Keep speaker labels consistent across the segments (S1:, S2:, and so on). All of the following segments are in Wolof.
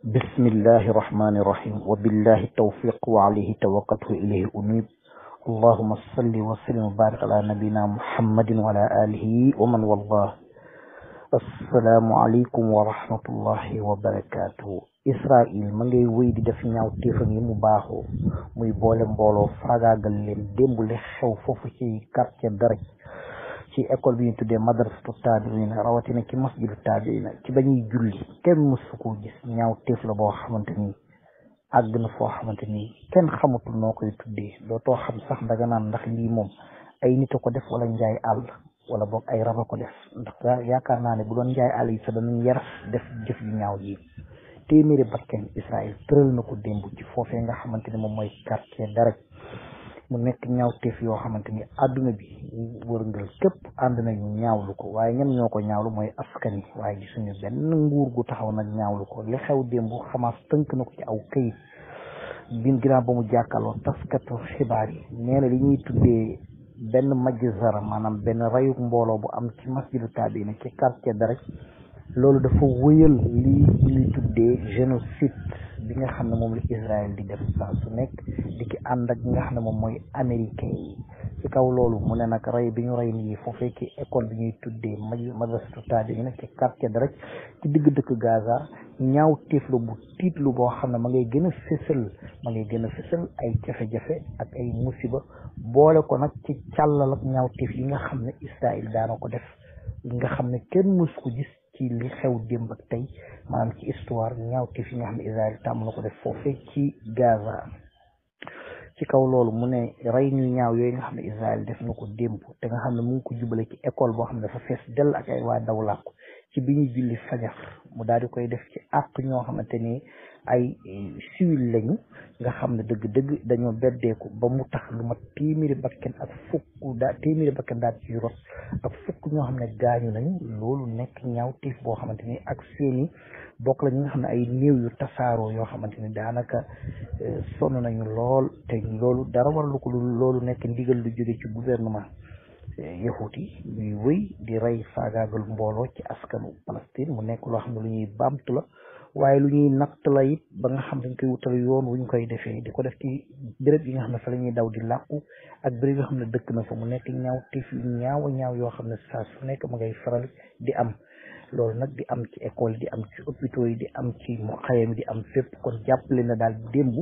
S1: bismillahi rahmani rahim wa billahi tawfiq wa alayhi tawakkatu ilayhi unib allahuma salli wa sallim wa barik ala nabina muhammadin wa ala alihi wa man wallah assalaamu aleykum wa rahmatullahi wa barakatuhu israil ma ngay wéy di def ñaaw téefam yi mu baaxoo muy boole mbooloo faagaagal leen démb li xew foofu ci quartier daraj ci école bi ñu tuddee madrasatu taabiina rawatina ki ci masjidu taabiina ci ba ñuy julli kenn mësu koo gis ñaaw téef la boo xamante ni àgg na foo xamante ni kenn xamatul noo koy tuddee dootoo xam sax daga naan ndax lii moom ay nit ko def wala njaay àll wala boog ay rab ko def ndax yaakaar naa ne bu doon njaay àll yi sax danañ def jëf yu ñaaw yi téeméeri bakken Israël tëral na ko démb ci foofee nga xamante ni moom mooy quartier Daraj mu nekk ñaawteef yoo xamante ni àdduna bi wërngal képp ànd nañu ñaawlu ko waaye ñan ñoo ko ñaawlu mooy askan waaye waaye gisuñu benn nguur gu taxaw nag ñaawlu ko li xew démb xamaas tënk na ko ci aw këyit bin ginnaaw ba mu jàkkaloo taskatu xibaar yi nee na li ñuy tuddee benn majzara maanaam benn rayuk mbooloo bu am ci masjidu taabina ci quartier bi rek loolu dafa wëyal lii ñuy tuddee génocide bi nga xam ne moom la Israël di def saa su nekk di ki ànd ak nga xam ne moom mooy américain yi ci kaw loolu mu ne nag rey bi ñu rey nii foofee ki école bi ñuy tuddee madrasatu taali yi nag ci quartier rek ci digg dëkk Gaza ñaaw tiiflu bu tiitlu boo xam ne ma ngay gën a ma ngay gën a ay jafe ak ay musiba boole ko nag ci càllal ñaaw tiif yi nga xam ne Israël daana ko def nga xam ne kenn mës ko ci li xew démb ak tey maanaam ci histoire ñaawte fi nga xam ne Israël tàmm na ko def foofee ci Gaza ci kaw loolu mu ne rey ñu ñaaw yooyu nga xam ne Israël def na ko démb te nga xam ne mu ko jubale ci école boo xam ne dafa fees dell ak ay waa daw làkku ci bi ñu julli fajar mu daal def ci àq ñoo xamante ay siwil lañu nga xam ne dëgg-dëgg dañoo beddeeku ba mu tax lu mat téeméeri bakken ak fukk daa téeméeri bakken daal ci ak fukk ñoo xam ne gaañu nañu loolu nekk ñaaw tiif boo xamante ni ak seeni bokk la ñi nga xam ne ay néew yu tasaaroo yoo xamante ni daanaka euh, sonn nañu lool te loolu dara waralu ko lu loolu nekk ndigal lu jóge ci gouvernement euh, yahuut yi ñuy wëy di rey faagaagal mbooloo ci askanu Palestine mu nekk loo xam ne lu ñuy baamtu la waaye lu ñuy natt la it ba nga xam dañ koy wutal yoon wu ñu koy defee di ko def ci dërëb yi nga xam ne fa la ñuy daw di làqu ak béréb yoo xam ne dëkk na fa mu nekk ñaaw te ñaaw ñaaw yoo xam ne saa nekk ma ngay faral di am loolu nag di am ci école di am ci hôpitaux yi di am ci mu mi di am fépp kon jàppale na daal démb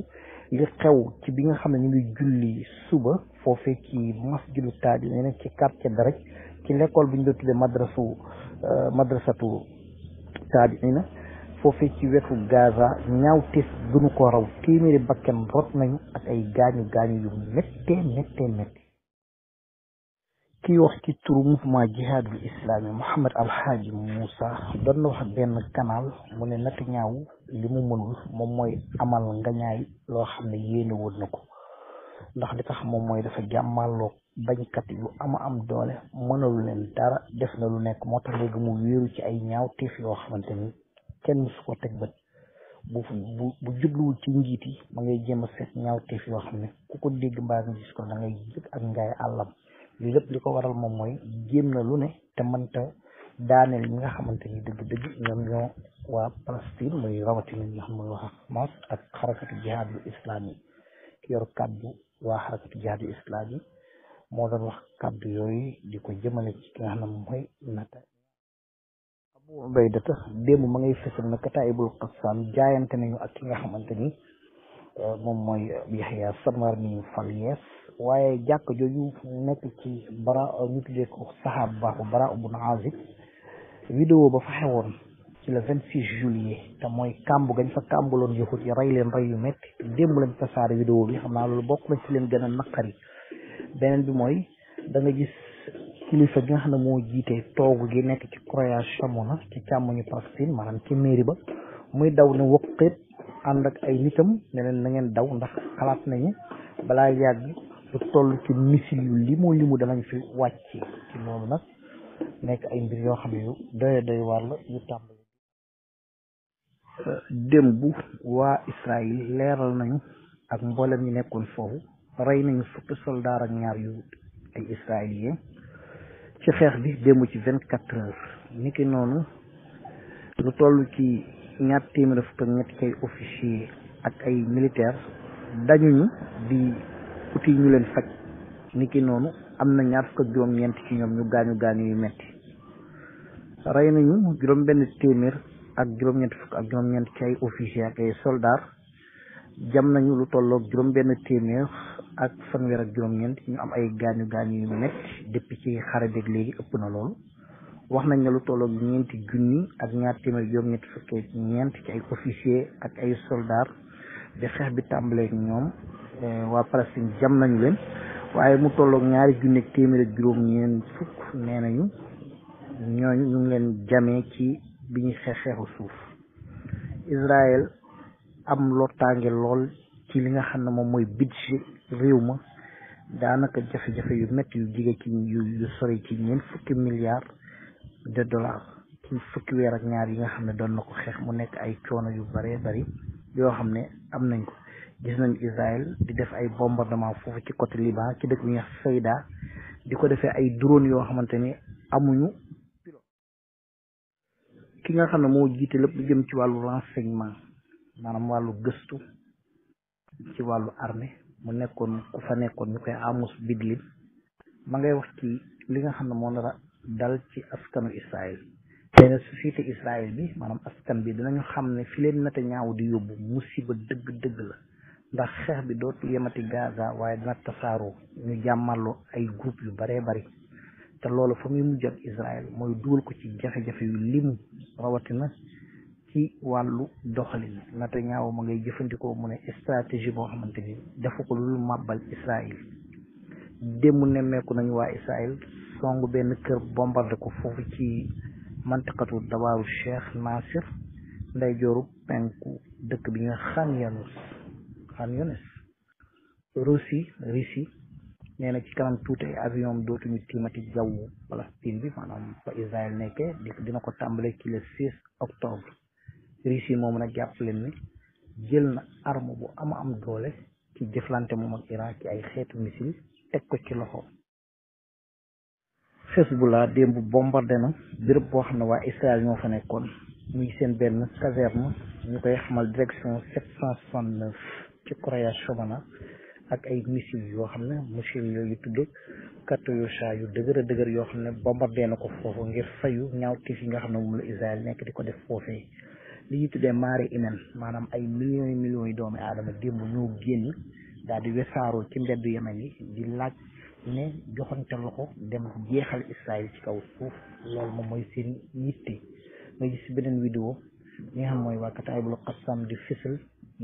S1: li xew ci bi nga xam ne ñu ngi julli suba foofee ci masjidu taadi ne ci quartier Daraj ci l'école bu ñu doon tuddee madrasu euh, madrasatu taadi na foofee ci wetu Gaza ñaawteef gënu ko raw téeméeri bakkan rot nañu ak ay gaañu gaañu yu méttee méttee méttee kii wax ci turu mouvement jihadul islami Mouhamed Alhaaji Moussa doon na wax benn canal mu ne nati ñaaw li mu mënul moom mooy amal ngañaay loo xam ne yéene woon na ko ndax li tax moom mooy dafa jàmmaloo bañkat yu am am doole mënalu leen dara def na lu nekk moo tax léegi mu wéeru ci ay ñaawteef yoo xamante ni kenn musu ko teg bët bu bu bu jubluwul ci njiit yi ma ngay jéem a seet ñaawteef yoo xam ne ku ko dégg mbaa nga gis ko da ngay ak ngaay àllam lu lépp li ko waral moom mooy jéem na lu ne te man mënta daaneel ñi nga xamante ni dëgg-dëgg ñoom ñoo waa Palestine muy rawatina ñi nga xam mooy waa Hamas ak islami yor kàddu waa xarakatu jihaadul islami moo doon wax kàddu yooyu di ko jëmale ci ki nga xam ne mooy nata Abu Ubaydata démb ma ngay fësal na kataibul qassam jaayante nañu ak ki nga xamante ni euh, moom mooy euh, Yahya Sanwar mi fal yees waaye jàkk jooju nekk ci bara euh, ñu tuddee ko saxaab baaxu bara ubun azib vidéo ba fa xewoon ci la vingt six juillet te mooy kàmb gañ fa kàmbuloon yahut yi rey leen rey yu métti démb lañ saar vidéo bi xam naa loolu bokk na ci leen gën a naqari beneen bi mooy da gis kilifa gi nga xam ne moo jiite toog gi nekk ci croyage Chamona ci càmmoñu Palestine maanaam ci mairie ba muy daw ne waqit ànd ak ay nitam ne leen ngeen daw ndax xalaat nañu balaa yàgg lu toll ci missile yu limu limu danañ fi wàcc ci loolu nag nekk ay mbir yoo xam yu doy doy waar la yu tàmbali. démb waa Israël leeral nañu ak mboolem ñi nekkoon foofu rey nañu fukki soldaar ak ñaar yu ay israélien ci xeex bi démb ci vingt quatre heures niki noonu lu toll ci ñaar téeméer fukk ak ñetti cay officier ak ay militaire dañuñu di uti ñu leen faj niki noonu am na ñaar fukk ak juróom-ñeent ci ñoom ñu gaañu gaañu yu metti rey nañu juróom benn téeméer ak juróom-ñeent fukk ak juróom ci ay officier ak ay soldats jam nañu lu tollook juróom benn téeméer ak fanweer ak juróom-ñeent ñu am ay gaañu gaañu yu métti depuis ci xare beeg léegi ëpp na loolu wax nañ ne lu tolloog ñeenti junni ak ñaar téeméer ñeent fukkee ñeent ak ay soldat de xeex bi tàmbaleeg ñoom eh, waa Palestine jam nañu leen waaye mu tolloog ñaari junni ak téeméer juróom-ñeent fukk nee nañu ñooñu ñu ngi leen jamee ci biñuy ñuy xeex xeexu suuf Israël am lottaange lool ci li nga xam ne moom mooy budget réew ma daanaka jafe-jafe yu métti yu jige ci yu yu sori ci ñeent fukki milliards de dollars ci fukki weer ak ñaar yi nga xam ne doon na ko xeex mu nekk ay coono yu bare bari yoo xam ne am nañ ko gis nañ Israël di def ay bombardement foofu ci côté Liban ci dëkk bi nga Sayda di ko defee ay drone yoo xamante ni amuñu ki nga xam ne moo jiite lépp lu jëm ci wàllu renseignement maanaam wàllu gëstu ci wàllu armée mu nekkoon ku fa nekkoon ñu koy Amos Bidlin ma ngay wax ci li nga xam ne moo nar dal ci askanu Israël nee na société Israël bi maanaam askan bi dinañu xam ne fi leen nata ñaaw di yóbbu musiba dëgg-dëgg la ndax xeex bi dootu yemati Gaza waaye dina tasaaroo ñu jàmmaloo ay groupe yu baree bari te loolu fa muy mujj ak Israël mooy dugal ko ci jafe-jafe yu lim rawatina ci wàllu doxalin Netanyaahu ma ngay jëfandikoo mu ne stratégie boo xamante ni dafa ko lu màbbal Israël démb nemmeeku nañu waa Israël song benn kër bombardé ko foofu ci mantiqatu dabaaru Cheikh Nasir nday jooru penku dëkk bi nga Khan Younis Khan Younis Russie Russie nee na ci kanam tuuti ay avion am dootuñu tiimati jawwu Palestine bi maanaam fa Israël nekkee dina ko tàmbale ki le 6 Russie moom nag jàpp leen ne jël na arme bu ama am doole ci jëflante moom ak Iran ci ay xeetu missile teg ko ci loxo Hezbollah démb bombardé na béréb boo xam ne waa Israël ñoo fa nekkoon muy seen benn caserne ñu koy xamal direction sept cent soixante neuf ci Croya Shomona ak ay missiles yoo xam ne missiles yooyu tudd Katyusha yu dëgër a dëgër yoo xam ne bombardé na ko foofu ngir fayu ñaawteef yi nga xam ne moom la Israël nekk di ko def foofee li ñu tuddee marée humaine maanaam ay millions yu millions yi doomi aadama démb ñoo génn daal di wesaaroo ci mbedd yemen yi di laaj ne joxante loxo dem jeexal Israël ci kaw suuf loolu moom mooy seen yitte nga gis si beneen vidéo li nga xam mooy waa Kataibul Qassam di fësal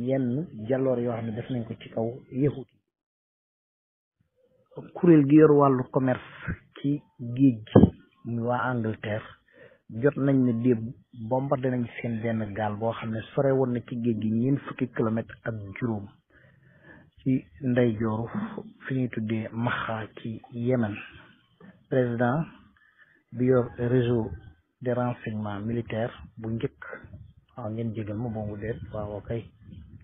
S1: yenn jaloor yoo xam ne def nañ ko ci kaw yahut yi kuréel gi yor wàllu commerce ci géej gi muy waa Angleterre jot nañ ne démb bombardé nañ seen benn gaal boo xam ne sore woon na ci géej gi ñeent fukki kilomètre ak juróom ci ndeyjooru fi ñuy tuddee Maxa ci Yemen président militaire bu njëkk waaw ngeen jégal ma boobu déet waaw kay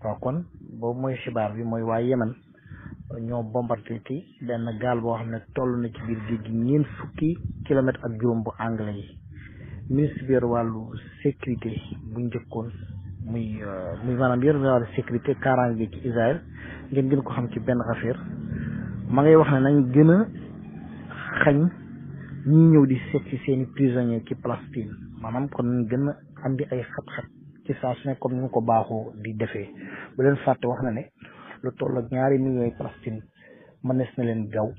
S1: waaw kon boobu mooy xibaar bi mooy waa Yemen ñoo bombardé ci benn gaal boo xam ne toll na ci biir géej gi ñeent fukki kilomètre ak juróom bu anglais ministre bi yor wàllu sécurité bu njëkkoon muy euh, muy maanaam yor wàllu sécurité kaaraange gi ci Israël ngeen gën ko xam ci benn affaire ma ngay wax ne nañ gën a xañ ñi ñëw di seet ci seeni prisonniers ci Palestine maanaam kon nañ gën a andi ay xat-xat ci saa su ne comme ni ko baaxoo di defee bu leen fàtte wax na ne lu toll ak ñaari millions yi Palestine mënees na leen gaw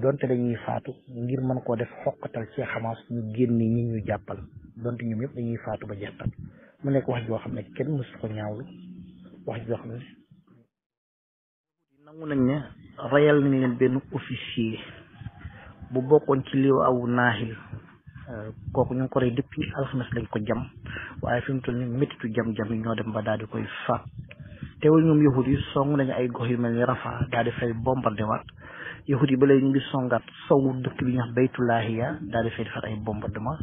S1: donte dañuy faatu ngir mën koo def xoqatal ci xamaas ñu génne ñi ñu jàppal donte ñoom ñëpp dañuy faatu ba jeextal mu nekk wax joo xam ne kenn mësu ko ñaawlu wax joo xam ne nangu nañ ne rayal nañ leen benn officier bu bokkoon ci liw aw naaxil euh, kooku ñu ngi ko rey depuis alxames lañ ko jam waaye fi mu toll ni méttitu jam-jam ñoo dem ba daal di koy faat teewul ñoom yahut yi song nañu ay gox yu mel ni Rafa daal di fay bombardé waat yahut yi ba léegi ñu ngi songaat sowu dëkk bi ñu wax Baytulaahiya daal di fay defar ay bombardement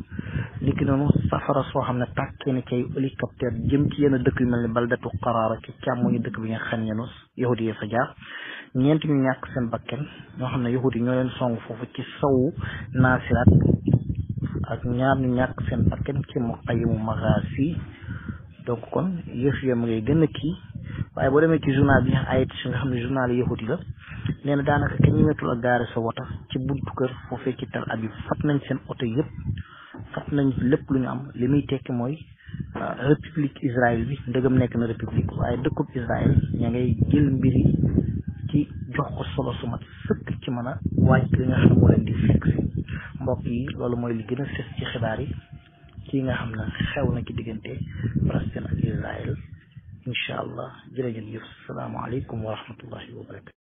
S1: niki noonu safara soo xam ne tàkkee na ci ay hélicoptère jëm ci dëkk yu mel ni baldatu Qaraara ci càmmoñu dëkk bi nga xam ne yahut yi fa jaar ñeent ñu ñàkk seen bakken ñoo xam ne yahut yi foofu ci sowu naasiraat ak ñaar ñu ñàkk seen bakken ci mu xayimu magaas yi donc kon yëf yam ngay gën a kii waaye boo demee ci journal bi ñu wax ayit si nga la nee na daanaka ka ñemeetul ak gaare sa wota ci buntu kër foofee ci Tel Aviv fat nañ seen oto yëpp fat nañ lépp lu ñu am li muy tekki mooy euh, république Israël bi ndëgam nekk na république waaye dëkkub Israël ña ngay jël mbiri ci solo su mat sëkk ci mën a waaj li nga xam ne moo leen di fekk si mbokk yi loolu mooy li gën a sës ci xibaar yi kii nga xam ne xew na ci diggante Palestine incha allah jërëjëf salaamualeykum wa rahmatullahi wa barakatu